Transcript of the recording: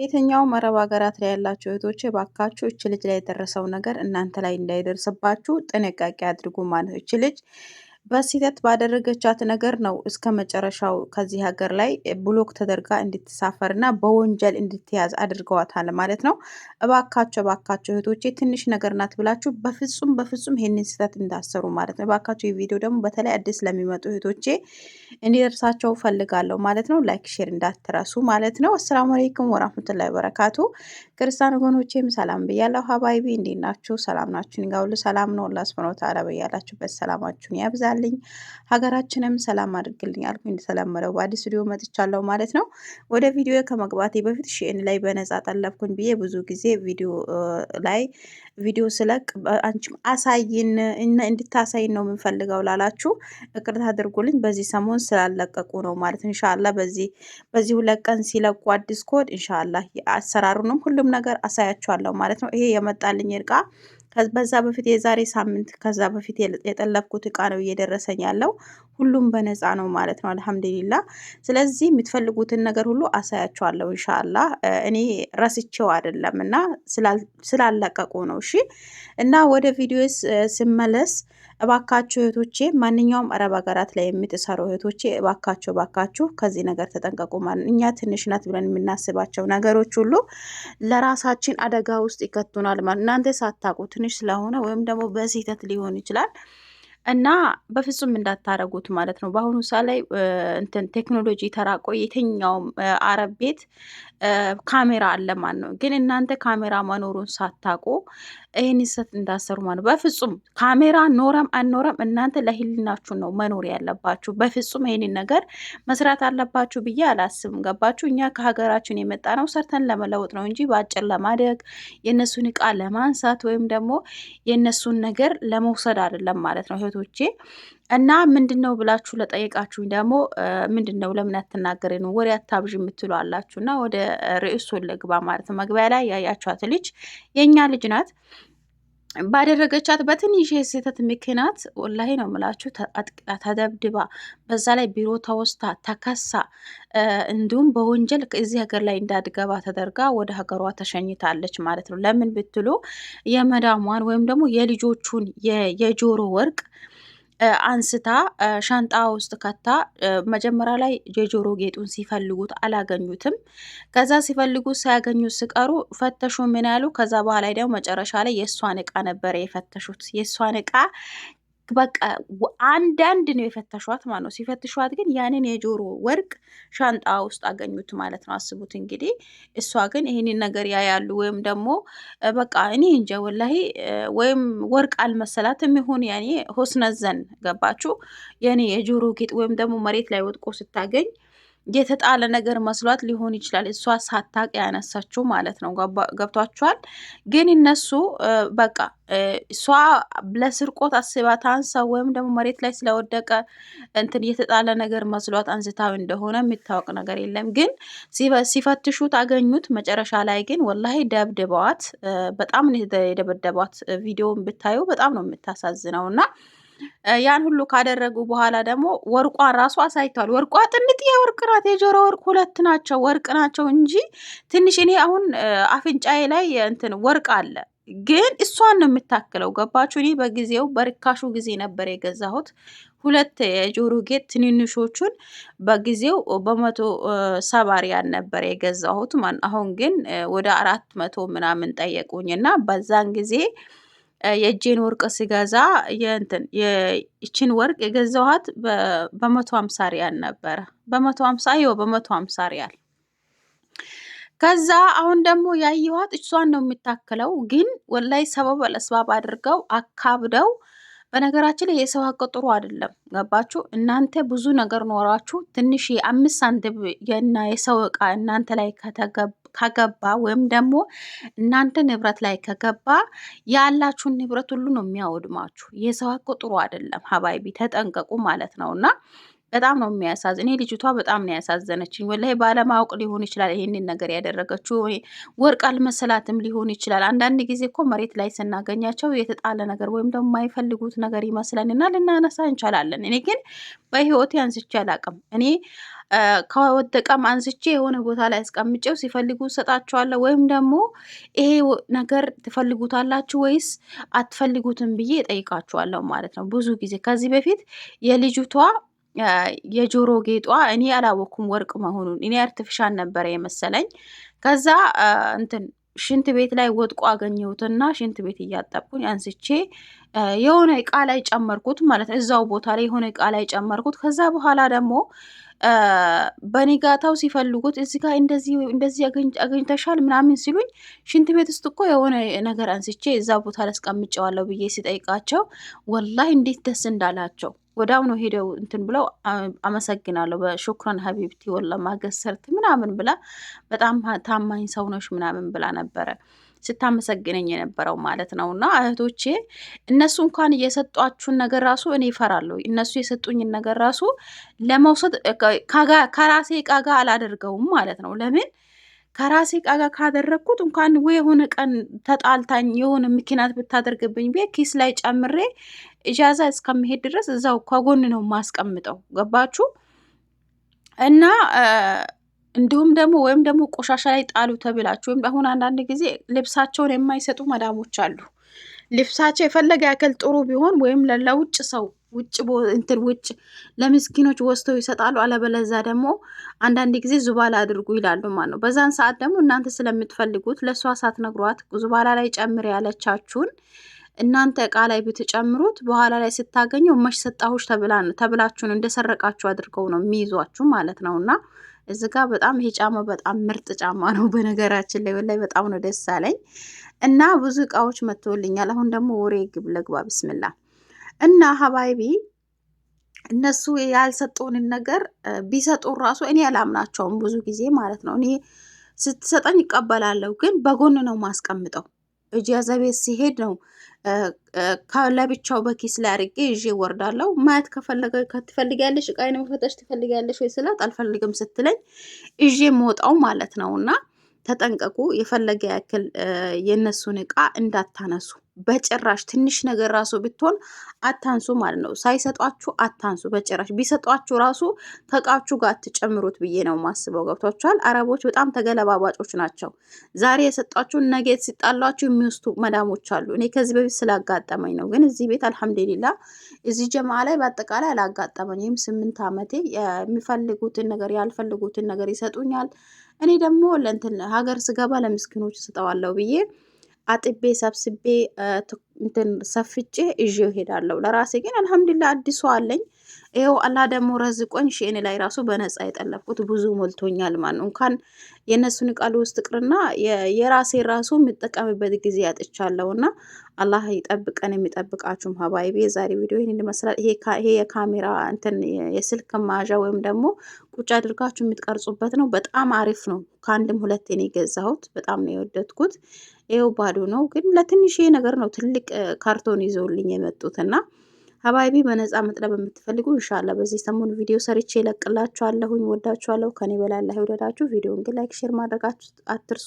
የትኛውም አረብ ሀገራት ላይ ያላችሁ እህቶቼ ባካችሁ እች ልጅ ላይ የደረሰው ነገር እናንተ ላይ እንዳይደርስባችሁ ጥንቃቄ አድርጉ። ማለት እች ልጅ በስህተት ባደረገቻት ነገር ነው እስከ መጨረሻው ከዚህ ሀገር ላይ ብሎክ ተደርጋ እንድትሳፈር እና በወንጀል እንድትያዝ አድርገዋታል ማለት ነው። እባካቸው እባካቸው እህቶቼ ትንሽ ነገር ናት ብላችሁ በፍጹም በፍጹም ይህንን ስህተት እንዳሰሩ ማለት ነው። እባካቸው የቪዲዮ ደግሞ በተለይ አዲስ ለሚመጡ እህቶቼ እንዲደርሳቸው ፈልጋለሁ ማለት ነው። ላይክ ሼር እንዳትረሱ ማለት ነው። አሰላሙ አለይኩም ወራህመቱላሂ ወበረካቱ። ክርስቲያን ወገኖቼም ሰላም ብያለሁ። ሀባይቢ እንዴት ናችሁ? ሰላም ናችሁን? ጋውሉ ሰላም ነው። አላህ ሱብሃነሁ ወተዓላ በያላችሁበት ሰላማችሁን ያብዛል። ያምጣልኝ፣ ሀገራችንም ሰላም አድርግልኝ አልኩ። እንደተለመደው በአዲስ ስቱዲዮ መጥቻለሁ ማለት ነው። ወደ ቪዲዮ ከመግባቴ በፊት ሺን ላይ በነጻ ጠለብኩኝ ብዬ ብዙ ጊዜ ቪዲዮ ላይ ቪዲዮ ስለቅ አንቺም አሳይን እንድታሳይን ነው የምንፈልገው ላላችሁ እቅርታ አድርጉልኝ። በዚህ ሰሞን ስላለቀቁ ነው ማለት እንሻላ በዚህ በዚህ ሁለት ቀን ሲለቁ አዲስ ኮድ እንሻላ አሰራሩንም ሁሉም ነገር አሳያችኋለሁ ማለት ነው። ይሄ የመጣልኝ እቃ በዛ በፊት የዛሬ ሳምንት ከዛ በፊት የጠለብኩት እቃ ነው እየደረሰኝ ያለው። ሁሉም በነፃ ነው ማለት ነው። አልሐምዱሊላ። ስለዚህ የምትፈልጉትን ነገር ሁሉ አሳያችኋለሁ እንሻላ። እኔ ረስቼው አይደለም እና ስላለቀቁ ነው። እሺ። እና ወደ ቪዲዮ ስመለስ እባካችሁ እህቶቼ፣ ማንኛውም አረብ ሀገራት ላይ የምትሰሩ እህቶቼ እባካችሁ እባካችሁ ከዚህ ነገር ተጠንቀቁ። እኛ ትንሽ ናት ብለን የምናስባቸው ነገሮች ሁሉ ለራሳችን አደጋ ውስጥ ይከቱናል ማለት እናንተ ሳታውቁ ትንሽ ስለሆነ ወይም ደግሞ በስህተት ሊሆን ይችላል እና በፍጹም እንዳታረጉት ማለት ነው። በአሁኑ ሰዓት ላይ እንትን ቴክኖሎጂ ተራቆ የትኛውም አረብ ቤት ካሜራ አለ ማለት ነው። ግን እናንተ ካሜራ መኖሩን ሳታውቁ ይህን ሰት እንዳሰሩ ማለት በፍጹም ካሜራ ኖረም አንኖረም እናንተ ለህሊናችሁ ነው መኖር ያለባችሁ። በፍጹም ይህንን ነገር መስራት አለባችሁ ብዬ አላስብም። ገባችሁ? እኛ ከሀገራችን የመጣ ነው ሰርተን ለመለወጥ ነው እንጂ በአጭር ለማደግ የእነሱን እቃ ለማንሳት ወይም ደግሞ የእነሱን ነገር ለመውሰድ አይደለም ማለት ነው እህቶቼ። እና ምንድን ነው ብላችሁ ለጠየቃችሁኝ ደግሞ ምንድን ነው ለምን አትናገሪ ነው ወደ አታብዥ የምትሉ አላችሁ። እና ወደ ርዕሱ ልግባ ማለት ነው። መግቢያ ላይ ያያችኋት ልጅ የእኛ ልጅ ናት። ባደረገቻት በትንሽ የስህተት ምክንያት ወላሂ ነው የምላችሁ፣ አጥቅጣ ተደብድባ፣ በዛ ላይ ቢሮ ተወስታ ተከሳ፣ እንዲሁም በወንጀል እዚህ ሀገር ላይ እንዳትገባ ተደርጋ ወደ ሀገሯ ተሸኝታለች ማለት ነው። ለምን ብትሉ የመዳሟን ወይም ደግሞ የልጆቹን የጆሮ ወርቅ አንስታ ሻንጣ ውስጥ ከታ መጀመሪያ ላይ የጆሮ ጌጡን ሲፈልጉት አላገኙትም። ከዛ ሲፈልጉት ሳያገኙት ሲቀሩ ፈተሹ ምን ያሉ። ከዛ በኋላ ደግሞ መጨረሻ ላይ የእሷን እቃ ነበረ የፈተሹት። የእሷን እቃ በቃ አንዳንድ ነው የፈተሿት ማለት ነው። ሲፈትሿት ግን ያንን የጆሮ ወርቅ ሻንጣ ውስጥ አገኙት ማለት ነው። አስቡት እንግዲህ እሷ ግን ይህንን ነገር ያያሉ ወይም ደግሞ በቃ እኔ እንጃ ወላሂ ወይም ወርቅ አልመሰላትም ይሁን ያኔ ሆስነዘን ገባችሁ። የኔ የጆሮ ጌጥ ወይም ደግሞ መሬት ላይ ወድቆ ስታገኝ የተጣለ ነገር መስሏት ሊሆን ይችላል። እሷ ሳታቅ ያነሳችው ማለት ነው። ገብቷችኋል? ግን እነሱ በቃ እሷ ለስርቆት አስባ ታንሳ ወይም ደግሞ መሬት ላይ ስለወደቀ እንትን የተጣለ ነገር መስሏት አንስታዊ እንደሆነ የሚታወቅ ነገር የለም። ግን ሲፈትሹት አገኙት። መጨረሻ ላይ ግን ወላሂ ደብድበዋት፣ በጣም የደበደቧት ቪዲዮ ብታዩ በጣም ነው የምታሳዝነው እና ያን ሁሉ ካደረጉ በኋላ ደግሞ ወርቋ ራሱ አሳይተዋል። ወርቋ ጥንጥዬ ወርቅ ናት። የጆሮ ወርቅ ሁለት ናቸው፣ ወርቅ ናቸው እንጂ ትንሽ እኔ አሁን አፍንጫዬ ላይ እንትን ወርቅ አለ፣ ግን እሷን ነው የምታክለው። ገባችሁ? እኔ በጊዜው በርካሹ ጊዜ ነበር የገዛሁት ሁለት የጆሮ ጌጥ ትንንሾቹን በጊዜው በመቶ ሰባሪያን ነበር የገዛሁት። አሁን ግን ወደ አራት መቶ ምናምን ጠየቁኝ እና በዛን ጊዜ የእጄን ወርቅ ስገዛ የእንትን ይችን ወርቅ የገዛኋት በመቶ አምሳ ሪያል ነበረ። በመቶ አምሳ ይኸው በመቶ አምሳ ሪያል። ከዛ አሁን ደግሞ ያየኋት እሷን ነው የሚታክለው፣ ግን ወላይ ሰበብ አለስባብ አድርገው አካብደው። በነገራችን ላይ የሰው ሀቅ ጥሩ አይደለም። ገባችሁ? እናንተ ብዙ ነገር ኖራችሁ ትንሽ የአምስት ሳንቲም የና የሰው እቃ እናንተ ላይ ከተገባ ከገባ ወይም ደግሞ እናንተ ንብረት ላይ ከገባ ያላችሁን ንብረት ሁሉ ነው የሚያወድማችሁ። የሰው ሀቅ ጥሩ አይደለም። ሀባይቢ ተጠንቀቁ ማለት ነው እና በጣም ነው የሚያሳዝ እኔ ልጅቷ በጣም ነው ያሳዘነችኝ። ወላሂ ባለማወቅ ሊሆን ይችላል ይሄንን ነገር ያደረገችው። ወርቅ አልመሰላትም ሊሆን ይችላል። አንዳንድ ጊዜ እኮ መሬት ላይ ስናገኛቸው የተጣለ ነገር ወይም ደግሞ የማይፈልጉት ነገር እና ልናነሳ እንችላለን። እኔ ግን በህይወቴ አንስቼ አላቅም እኔ ከወደቀም አንስቼ የሆነ ቦታ ላይ አስቀምጬው ሲፈልጉ እሰጣቸዋለሁ። ወይም ደግሞ ይሄ ነገር ትፈልጉታላችሁ ወይስ አትፈልጉትም ብዬ ጠይቃችኋለሁ ማለት ነው። ብዙ ጊዜ ከዚህ በፊት የልጅቷ የጆሮ ጌጧ እኔ አላወኩም ወርቅ መሆኑን። እኔ አርትፊሻል ነበረ የመሰለኝ። ከዛ እንትን ሽንት ቤት ላይ ወጥቆ አገኘሁትና ሽንት ቤት እያጠብኩኝ አንስቼ የሆነ እቃ ላይ ጨመርኩት ማለት ነው። እዛው ቦታ ላይ የሆነ እቃ ላይ ጨመርኩት። ከዛ በኋላ ደግሞ በንጋታው ሲፈልጉት እዚ ጋ እንደዚህ አገኝተሻል ምናምን ሲሉኝ ሽንት ቤት ውስጥ እኮ የሆነ ነገር አንስቼ እዛ ቦታ ላስቀምጨዋለሁ ብዬ ሲጠይቃቸው ወላሂ እንዴት ደስ እንዳላቸው ወዳው ነው ሄደው እንትን ብለው አመሰግናለሁ በሹክረን ሀቢብቲ ወላ ማገሰርት ምናምን ብላ በጣም ታማኝ ሰው ነሽ ምናምን ብላ ነበረ። ስታመሰግነኝ የነበረው ማለት ነው። እና እህቶቼ እነሱ እንኳን የሰጧችሁን ነገር ራሱ እኔ ይፈራለሁ። እነሱ የሰጡኝን ነገር ራሱ ለመውሰድ ከራሴ ቃጋ ጋር አላደርገውም ማለት ነው። ለምን ከራሴ ቃጋ ጋር ካደረግኩት እንኳን ወይ የሆነ ቀን ተጣልታኝ የሆነ ምክንያት ብታደርግብኝ ቤ ኪስ ላይ ጨምሬ እጃዛ እስከምሄድ ድረስ እዛው ከጎን ነው ማስቀምጠው። ገባችሁ እና እንዲሁም ደግሞ ወይም ደግሞ ቆሻሻ ላይ ጣሉ ተብላችሁ ወይም አሁን አንዳንድ ጊዜ ልብሳቸውን የማይሰጡ መዳሞች አሉ። ልብሳቸው የፈለገ ያክል ጥሩ ቢሆን ወይም ለውጭ ሰው ውጭ እንትን ውጭ ለምስኪኖች ወስተው ይሰጣሉ። አለበለዛ ደግሞ አንዳንድ ጊዜ ዙባላ አድርጉ ይላሉ ማለት ነው። በዛን ሰዓት ደግሞ እናንተ ስለምትፈልጉት ለእሷ ሳትነግሯት ዙባላ ላይ ጨምር ያለቻችሁን እናንተ እቃ ላይ ብትጨምሩት በኋላ ላይ ስታገኘው መች ሰጣሁሽ ተብላችሁን እንደሰረቃችሁ አድርገው ነው የሚይዟችሁ ማለት ነው እና እዚህ ጋር በጣም ይሄ ጫማ በጣም ምርጥ ጫማ ነው። በነገራችን ላይ ወላይ በጣም ነው ደስ አለኝ እና ብዙ እቃዎች መጥቶልኛል። አሁን ደግሞ ወሬ ግብ ለግባ ብስምላ እና ሀባይቢ እነሱ ያልሰጡንን ነገር ቢሰጡን ራሱ እኔ ያላምናቸውም ብዙ ጊዜ ማለት ነው። እኔ ስትሰጠኝ ይቀበላለሁ፣ ግን በጎን ነው ማስቀምጠው እጃዛ ቤት ሲሄድ ነው ለብቻው በኪስ ላይ አድርጌ ይዤ ወርዳለው። ማየት ከፈለገ ትፈልጊያለሽ፣ እቃዬን መፈተሽ ትፈልጊያለሽ ወይ ስላት አልፈልግም ስትለኝ ይዤ መውጣው ማለት ነው። እና ተጠንቀቁ፣ የፈለገ ያክል የእነሱን እቃ እንዳታነሱ። በጭራሽ ትንሽ ነገር ራሱ ብትሆን አታንሱ ማለት ነው። ሳይሰጧችሁ አታንሱ በጭራሽ። ቢሰጧችሁ ራሱ ከእቃችሁ ጋር አትጨምሩት ብዬ ነው ማስበው። ገብቷችኋል? አረቦች በጣም ተገለባባጮች ናቸው። ዛሬ የሰጧችሁ ነገ ሲጣሏችሁ የሚወስዱ መዳሞች አሉ። እኔ ከዚህ በፊት ስላጋጠመኝ ነው። ግን እዚህ ቤት አልሐምዱሊላ እዚህ ጀማ ላይ በአጠቃላይ አላጋጠመኝ። ይህም ስምንት ዓመቴ የሚፈልጉትን ነገር ያልፈልጉትን ነገር ይሰጡኛል። እኔ ደግሞ ለእንትን ሀገር ስገባ ለምስኪኖች እሰጠዋለሁ ብዬ አጥቤ ሰብስቤ እንትን ሰፍቼ እዥ ይሄዳለሁ። ለራሴ ግን አልሐምዱሊላህ አዲሱ አለኝ ይኸው አላህ ደግሞ ረዝቆኝ ሼኔ ላይ ራሱ በነፃ የጠለፍኩት ብዙ ሞልቶኛል ማለት ነው። እንኳን የእነሱን ቃል ውስጥ ቅርና የራሴ ራሱ የምጠቀምበት ጊዜ ያጥቻለሁ እና አላህ ይጠብቀን፣ የሚጠብቃችሁም ሀባይቢ። የዛሬ ቪዲዮ ይህን ይመስላል። ይሄ የካሜራ እንትን የስልክ ማዣ ወይም ደግሞ ቁጭ አድርጋችሁ የምትቀርጹበት ነው። በጣም አሪፍ ነው። ከአንድም ሁለት ነው የገዛሁት። በጣም ነው የወደድኩት። ይኸው ባዶ ነው ግን ለትንሽ ነገር ነው ትልቅ ካርቶን ይዘውልኝ የመጡትና ሀባይቢ በነፃ መጥለብ የምትፈልጉ እንሻላ በዚህ ሰሞን ቪዲዮ ሰርቼ እለቅላችኋለሁኝ። ወዳችኋለሁ። ከኔ በላይ ላይ ወደዳችሁ ቪዲዮውን ግን ላይክ፣ ሼር ማድረጋችሁ አትርሱ።